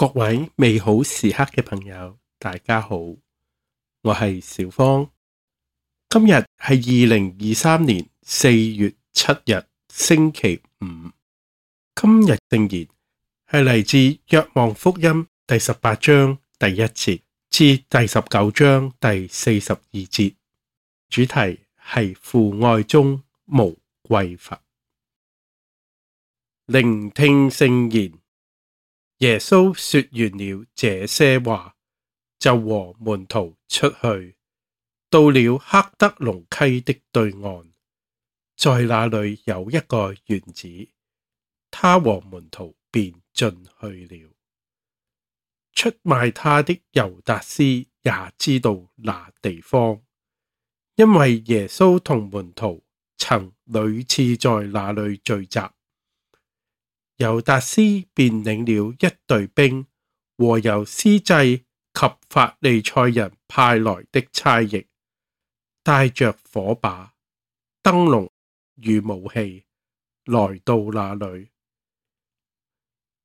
各位美好時刻嘅朋友，大家好，我係小芳。今日係二零二三年四月七日，星期五。今日聖言係嚟自《若望福音》第十八章第一節至第十九章第四十二節，主題係「父愛中無匱乏」。聆聽聖言。耶穌說完了這些話，就和門徒出去，到了克德隆溪的對岸，在那裏有一個園子，他和門徒便進去了。出賣他的猶達斯也知道那地方，因為耶穌同門徒曾屢次在那裏聚集。猶達斯便領了一隊兵和由司祭及法利賽人派來的差役，帶着火把、燈籠與武器，來到那裏。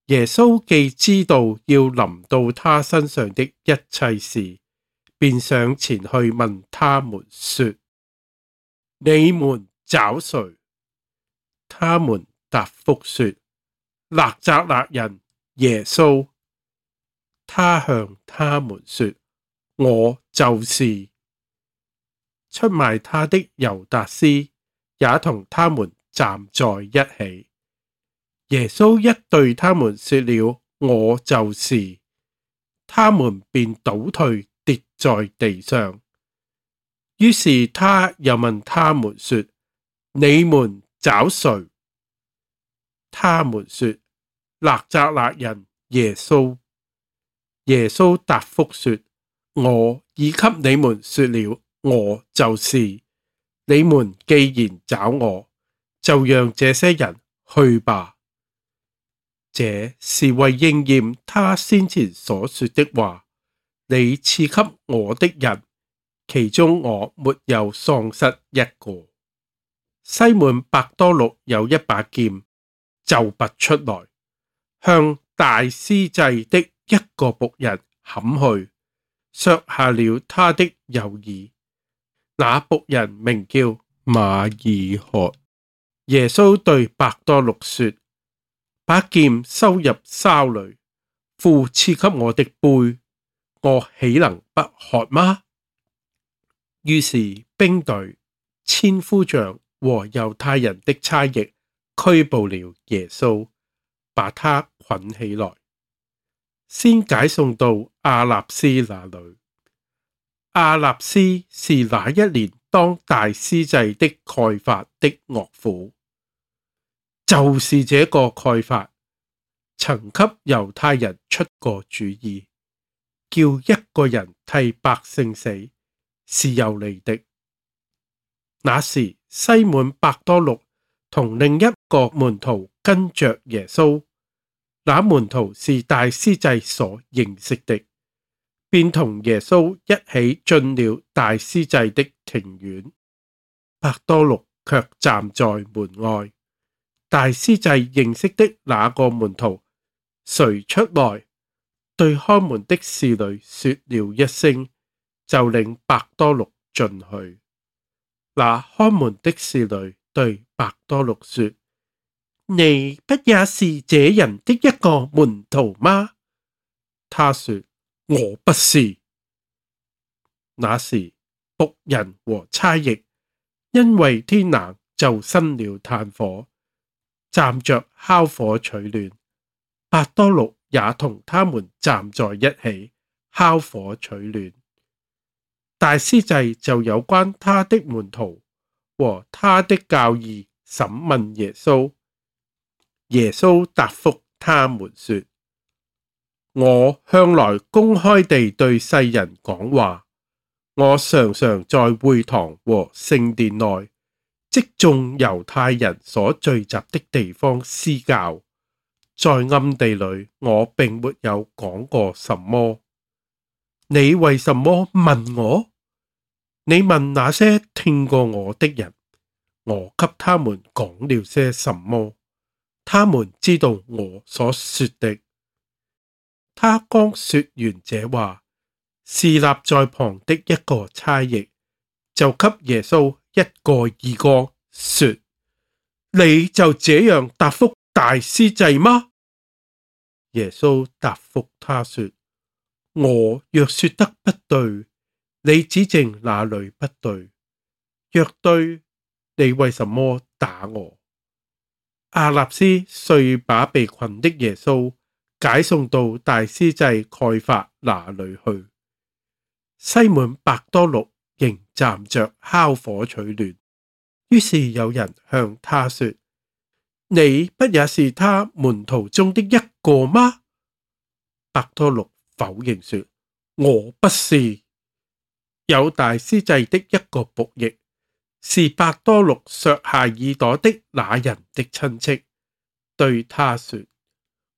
耶穌既知道要臨到他身上的一切事，便上前去問他們說：你們找誰？他們答覆說。納匝肋人耶穌，他向他們說：我就是。出賣他的猶達斯也同他們站在一起。耶穌一對他們說了我就是，他們便倒退跌在地上。於是他又問他們說：你們找誰？他們說。納匝肋人耶穌。耶穌答覆說：我已給你們說了，我就是，你們既然找我，就讓這些人去吧。這是為應驗他先前所說的話：你賜給我的人，其中我沒有喪失一個。西門伯多祿有一把劍，就拔出來。向大司祭的一個僕人砍去，削下了他的右耳。那僕人名叫瑪耳曷。耶穌對伯多祿說：把劍收入鞘裏，父賜給我的杯，我豈能不喝嗎？於是兵隊、千夫長和猶太人的差役拘捕了耶穌，把他。捆起來，先解送到亞納斯那裏。亞納斯是那一年當大司祭的蓋法的岳父，就是這個蓋法曾給猶太人出過主意，叫一個人替百姓死，是有利的。那時，西滿伯多祿同另一個門徒跟着耶穌。那門徒是大司祭所認識的，便同耶穌一起進了大司祭的庭院。伯多祿卻站在門外。大司祭認識的那個門徒遂出來，對看門的侍女說了一聲，就領伯多祿進去。那看門的侍女對伯多祿說。你不也是這人的一個門徒嗎？他說，我不是。那時，僕人和差役因為天冷就生了炭火，站着烤火取暖。伯多祿也同他們站在一起烤火取暖。大司祭就有關他的門徒和他的教義審問耶穌。耶穌答覆他們說：我向來公開地對世人講話，我常常在會堂和聖殿內，即眾猶太人所聚集的地方施教；在暗地裏，我並沒有講過什麼。你為什麼問我？你問那些聽過我的人，我給他們講了些什麼？他們知道我所說的。他剛說完這話，侍立在旁的一個差役就給耶穌一個耳光，說：你就這樣答覆大司祭嗎？耶穌答覆他說：我若說得不對，你指證哪裏不對？若對，你為什麼打我？亞納斯遂把被捆的耶穌解送到大司祭蓋法那裏去。西門伯多祿仍站着烤火取暖，於是有人向他說：你不也是他門徒中的一個嗎？伯多祿否認說：我不是。有大司祭的一個僕役。是伯多祿削下耳朵的那人的親戚，對他說：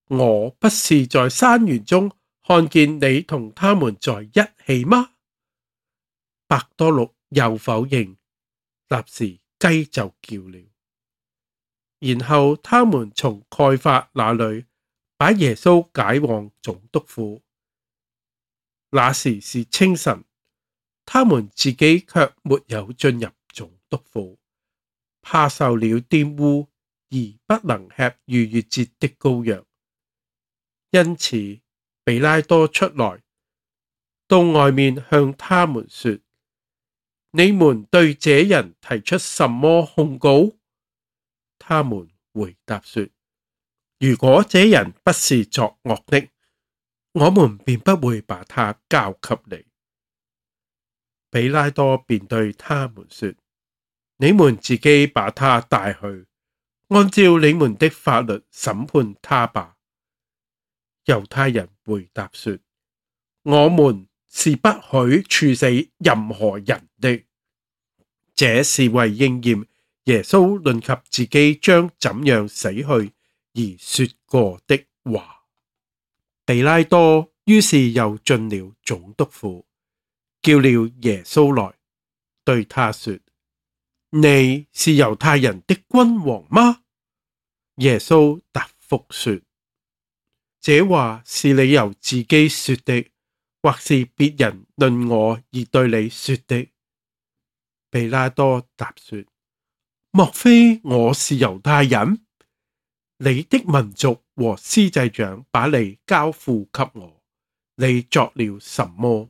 我不是在山園中看見你同他們在一起嗎？伯多祿又否認，立時雞就叫了，然後他們從蓋法那裏把耶穌解往總督府。那時是清晨，他們自己卻沒有進入。督府怕受了玷污而不能吃逾越節的羔羊，因此比拉多出來到外面向他們說：你們對這人提出什麼控告？他們回答說：如果這人不是作惡的，我們便不會把他交給你。比拉多便對他們說。你們自己把他帶去，按照你們的法律審判他吧。猶太人回答說：我們是不許處死任何人的。這是為應驗耶穌論及自己將怎樣死去而說過的話。比拉多於是又進了總督府，叫了耶穌來，對他說。你是猶太人的君王嗎？耶穌答覆說：這話是你由自己說的，或是別人論我而對你說的？比拉多答說：莫非我是猶太人？你的民族和司祭長把你交付給我，你作了什麼？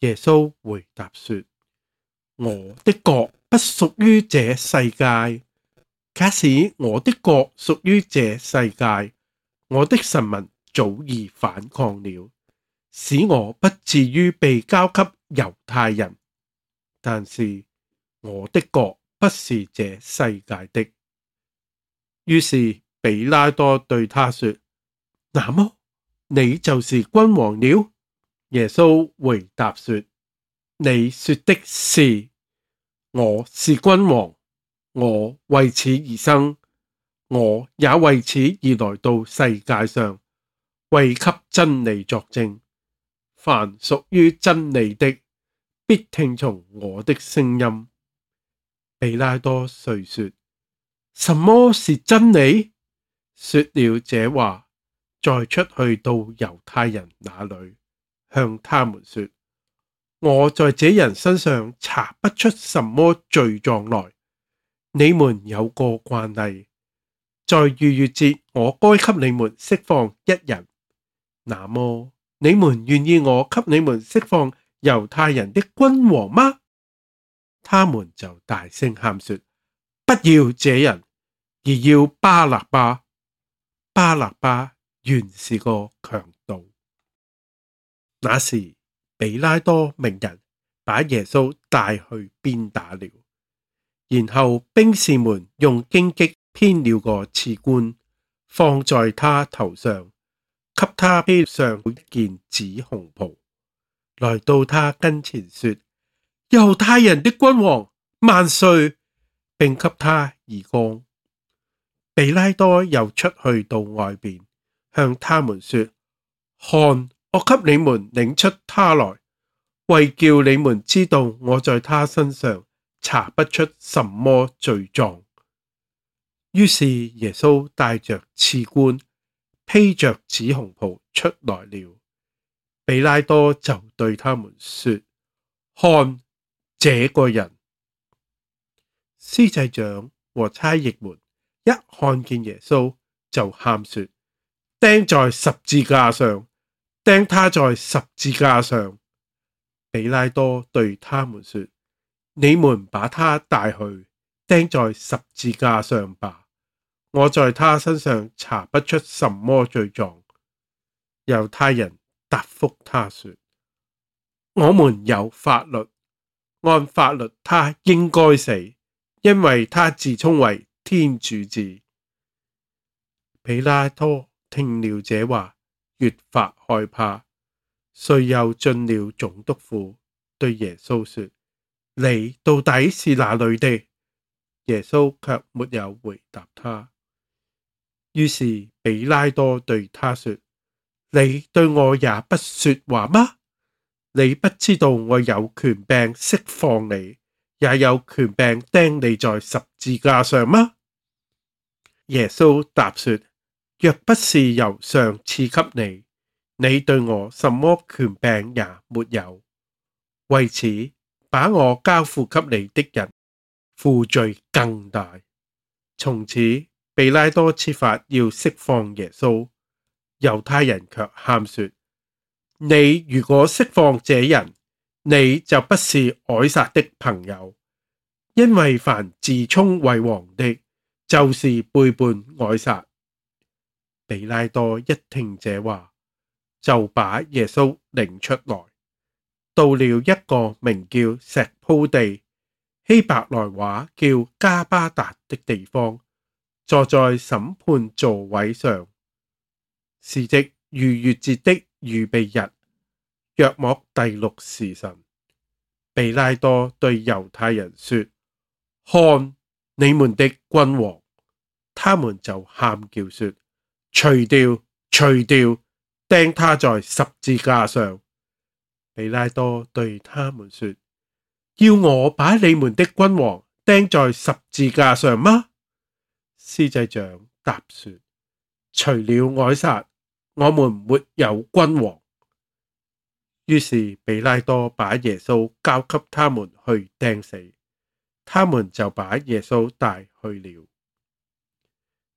耶穌回答說：我的國。不屬於這世界。假使我的國屬於這世界，我的臣民早已反抗了，使我不至於被交給猶太人。但是我的國不是這世界的。於是比拉多對他說：那麼你就是君王了。耶穌回答說：你說的是。我是君王，我為此而生，我也為此而來到世界上，為給真理作證。凡屬於真理的，必聽從我的聲音。比拉多遂說：什麼是真理？說了這話，再出去到猶太人那裏，向他們說。我在這人身上查不出什麼罪狀來。你們有個慣例，在逾越節我該給你們釋放一人，那麼你們願意我給你們釋放猶太人的君王嗎？他們就大聲喊說：不要這人，而要巴辣巴。巴辣巴原是個強盜。那時，比拉多命人把耶穌帶去鞭打了，然後兵士們用荊棘編了個刺冠，放在他頭上，給他披上一件紫紅袍，來到他跟前說：猶太人的君王萬歲，並給他耳光。」比拉多又出去到外邊，向他們說：看！我給你們領出他來，為叫你們知道我在他身上查不出什麼罪狀。於是耶穌帶着茨冠，披着紫紅袍出來了。比拉多就對他們說：看這個人！司祭長和差役們一看見耶穌，就喊說：釘在十字架上！釘他在十字架上！比拉多對他們說：你們把他帶去釘在十字架上吧。我在他身上查不出什麼罪狀。猶太人答復他說：我們有法律，按法律他應該死，因為他自稱為天主子。比拉多聽了這話，越發害怕，遂又進了總督府，對耶穌說：你到底是哪裏的？耶穌却沒有回答他。於是比拉多對他說：你對我也不說話嗎？你不知道我有權柄釋放你，也有權柄釘你在十字架上嗎？耶穌答說：若不是由上賜給你，你對我什麼權柄也沒有。為此，把我交付給你的人，負罪更大。從此，比拉多設法要釋放耶穌，猶太人卻喊說：你如果釋放這人，你就不是凱撒的朋友，因為凡自充為王的，就是背叛凱撒。比拉多一聽這話，就把耶穌領出來，到了一個名叫石鋪地希伯來話叫加巴達的地方，坐在審判座位上，時值逾越節的預備日，約莫第六時辰。比拉多對猶太人說：看你們的君王！他們就喊叫說。除掉，除掉，釘他在十字架上。比拉多對他們說：「要我把你們的君王釘在十字架上嗎？司祭長答說：除了凱撒，我們沒有君王。於是比拉多把耶穌交給他們去釘死，他們就把耶穌帶去了。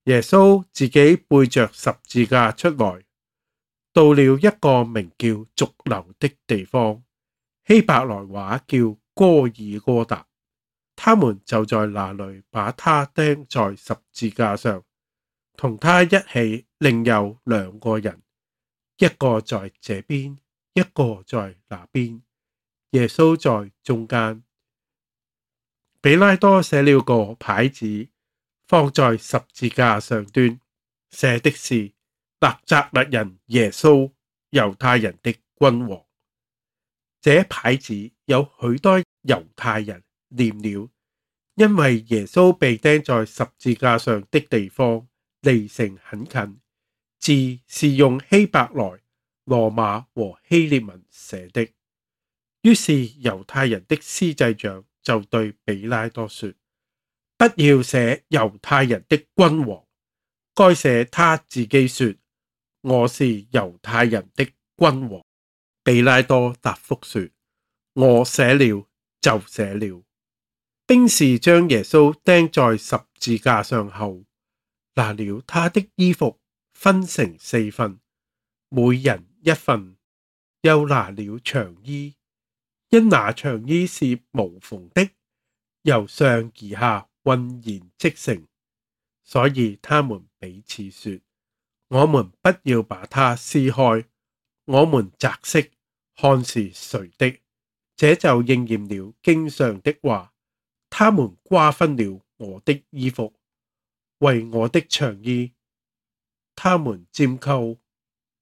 耶穌自己背着十字架出來，到了一個名叫髑髏的地方，希伯來話叫哥爾哥達，他們就在那裏把他釘在十字架上，同他一起另有兩個人，一個在這邊，一個在那邊，耶穌在中間。比拉多寫了個牌子。放在十字架上端寫的是納匝肋人耶穌，猶太人的君王。這牌子有許多猶太人念了，因為耶穌被釘在十字架上的地方離城很近。字是用希伯來、羅馬和希列文寫的。於是猶太人的司祭長就對比拉多說。不要寫猶太人的君王，該寫他自己說我是猶太人的君王。比拉多答覆說：我寫了就寫了。兵士將耶穌釘在十字架上後，拿了他的衣服分成四份，每人一份，又拿了長衣，因那長衣是無縫的，由上而下。渾然織成，所以他們彼此說：我們不要把它撕開，我們擲骰看是誰的。這就應驗了經上的話：他們瓜分了我的衣服，為我的長衣，他們拈鬮。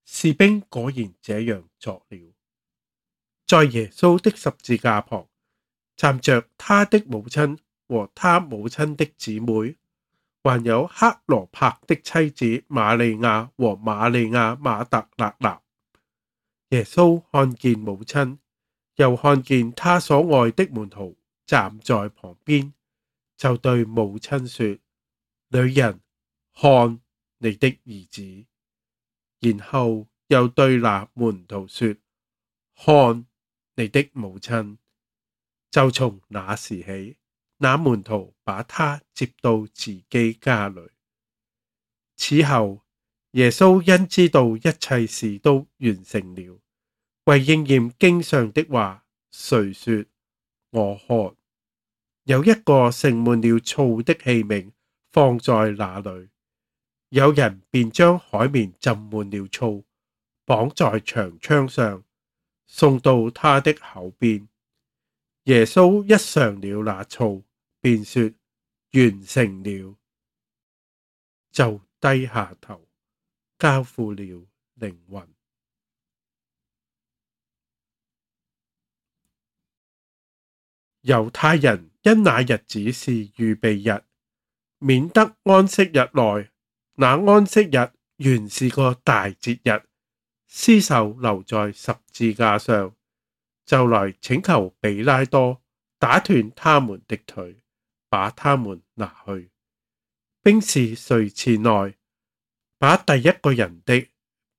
士兵果然這樣做了。在耶穌的十字架旁，站着他的母親。和他母親的姊妹，還有克羅柏的妻子瑪利亞和瑪利亞馬特納納。耶穌看見母親，又看見他所愛的門徒站在旁邊，就對母親說：女人，看你的兒子。然後又對那門徒說：看你的母親。就從那時起，那門徒把他接到自己家裏。此後，耶穌因知道一切事都完成了，為應驗經上的話，遂說：我渴。有一個盛滿了醋的器皿放在那裏，有人便將海綿浸滿了醋，綁在長槍上，送到他的口邊。耶穌一嘗了那醋，便說完成了，就低下頭交付了靈魂。猶太人因那日子是預備日，免得安息日來，那安息日原是個大節日，屍首留在十字架上，就來請求比拉多打斷他們的腿。把他們拿去，兵士遂前來，把第一個人的，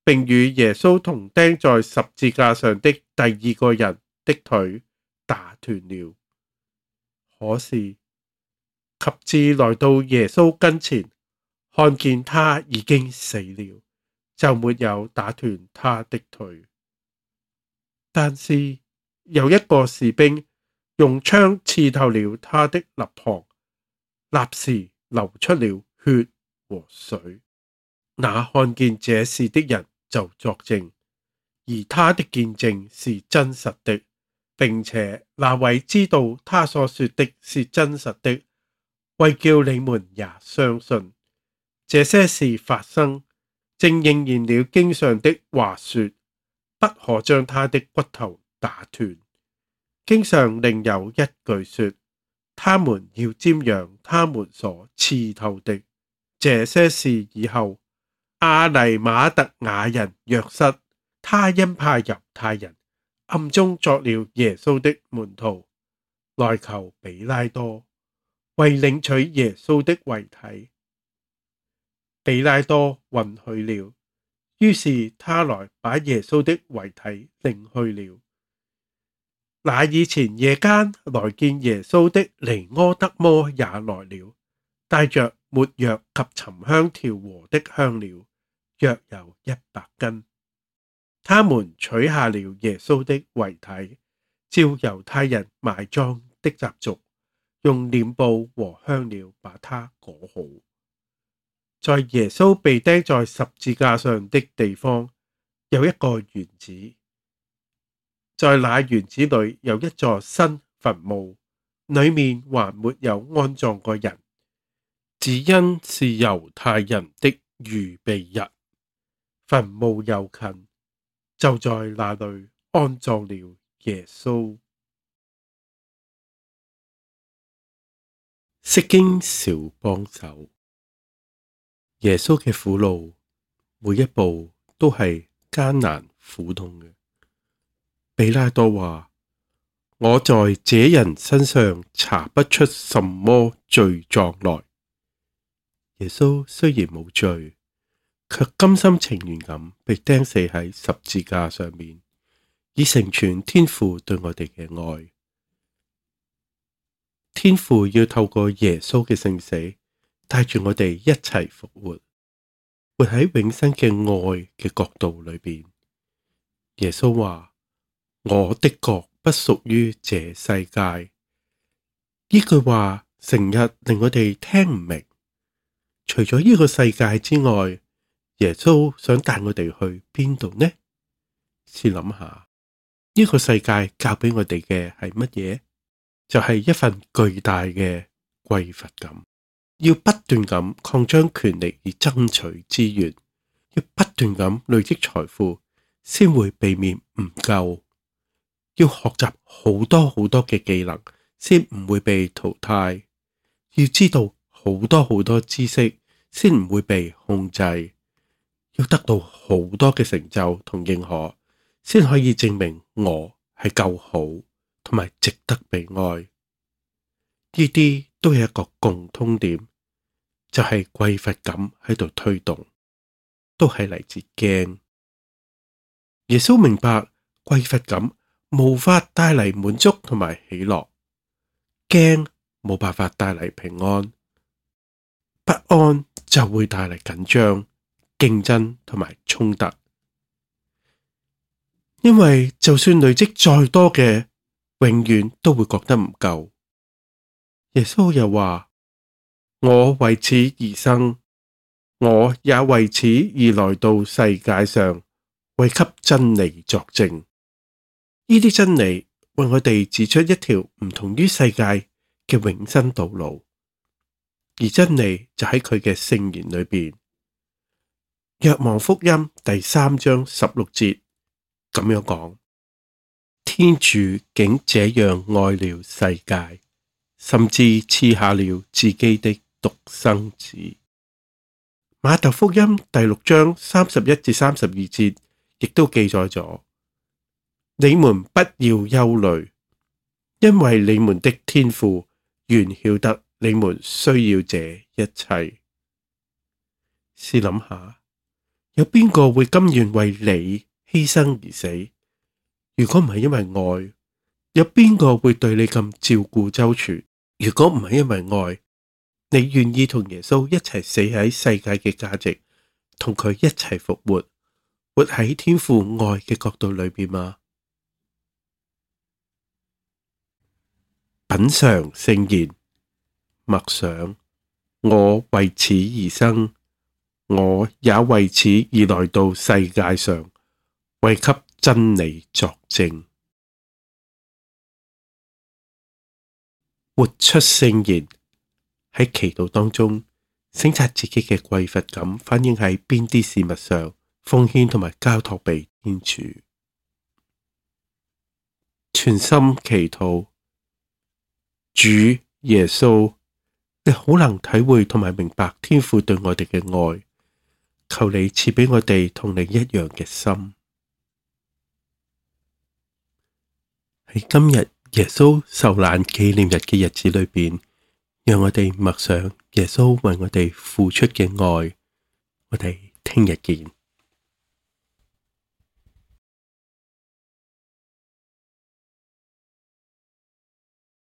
並與耶穌同釘在十字架上的第二個人的腿打斷了。可是，及至來到耶穌跟前，看見他已經死了，就沒有打斷他的腿。但是，有一個士兵，用槍刺透了他的肋旁，立時流出了血和水。那看見這事的人就作證，而他的見證是真實的，並且那位知道他所說的是真實的，為叫你們也相信。這些事發生，正應驗了經上的話說：不可將他的骨頭打斷。經常另有一句說，他們要瞻仰他們所刺透的。這些事以後，阿尼馬特雅人若瑟，他因怕猶太人，暗中作了耶穌的門徒，來求比拉多為領取耶穌的遺體，比拉多允許了，於是他來把耶穌的遺體領去了。那以前夜間來見耶穌的尼柯德摩也來了，帶着沒藥及沉香調和的香料，約有一百斤。他們取下了耶穌的遺體，照猶太人埋葬的習俗，用殮布和香料把它裹好。在耶穌被釘在十字架上的地方，有一個園子。在那園子裏有一座新墳墓，裏面還沒有安葬過人，只因是猶太人的預備日。墳墓又近，就在那裏安葬了耶穌。釋經小幫手，耶穌嘅苦路每一步都係艱難苦痛嘅。比拉多話：我在這人身上查不出什麼罪狀來。耶穌雖然冇罪，卻甘心情願咁被釘死喺十字架上面，以成全天父對我哋嘅愛。天父要透過耶穌嘅聖死，帶住我哋一齊復活，活喺永生嘅愛嘅角度裏邊。耶穌話。我的國不屬於這世界。呢句話成日令我哋聽唔明。除咗呢個世界之外，耶穌想帶我哋去邊度呢？先諗下，呢、這個世界教俾我哋嘅係乜嘢？就係、是、一份巨大嘅匱乏感，要不斷咁擴張權力而爭取資源，要不斷咁累積財富，先會避免唔夠。要學習好多好多嘅技能，先唔會被淘汰；要知道好多好多知識，先唔會被控制；要得到好多嘅成就同認可，先可以證明我係夠好，同埋值得被愛。呢啲都係一個共通點，就係匱乏感喺度推動，都係嚟自驚。耶穌明白匱乏感。無法帶嚟滿足同埋喜樂，驚冇辦法帶嚟平安，不安就會帶嚟緊張、競爭同埋衝突。因為就算累積再多嘅，永遠都會覺得唔夠。耶穌又話：「我為此而生，我也為此而來到世界上，為給真理作證。」呢啲真理為我哋指出一條唔同於世界嘅永生道路，而真理就喺佢嘅聖言裏邊。《若望福音》第三章十六節咁樣講：天主竟這樣愛了世界，甚至賜下了自己的獨生子。《瑪竇福音》第六章三十一至三十二節亦都記載咗。你們不要憂慮，因為你們的天父原曉得你們需要這一切。試諗下，有邊個會甘願為你犧牲而死？如果唔係因為愛，有邊個會對你咁照顧周全？如果唔係因為愛，你願意同耶穌一齊死喺世界嘅價值，同佢一齊復活，活喺天父愛嘅角度裏邊嗎？品嘗聖言，默想我為此而生，我也為此而來到世界上，為給真理作證，活出聖言。喺祈禱當中，省察自己嘅匱乏感，反映喺邊啲事物上，奉獻同埋交託俾天主，全心祈禱。主耶穌，你好能體會同埋明白天父對我哋嘅愛，求你賜俾我哋同你一樣嘅心。喺今日耶穌受難紀念日嘅日子裏邊，讓我哋默想耶穌為我哋付出嘅愛。我哋聽日見。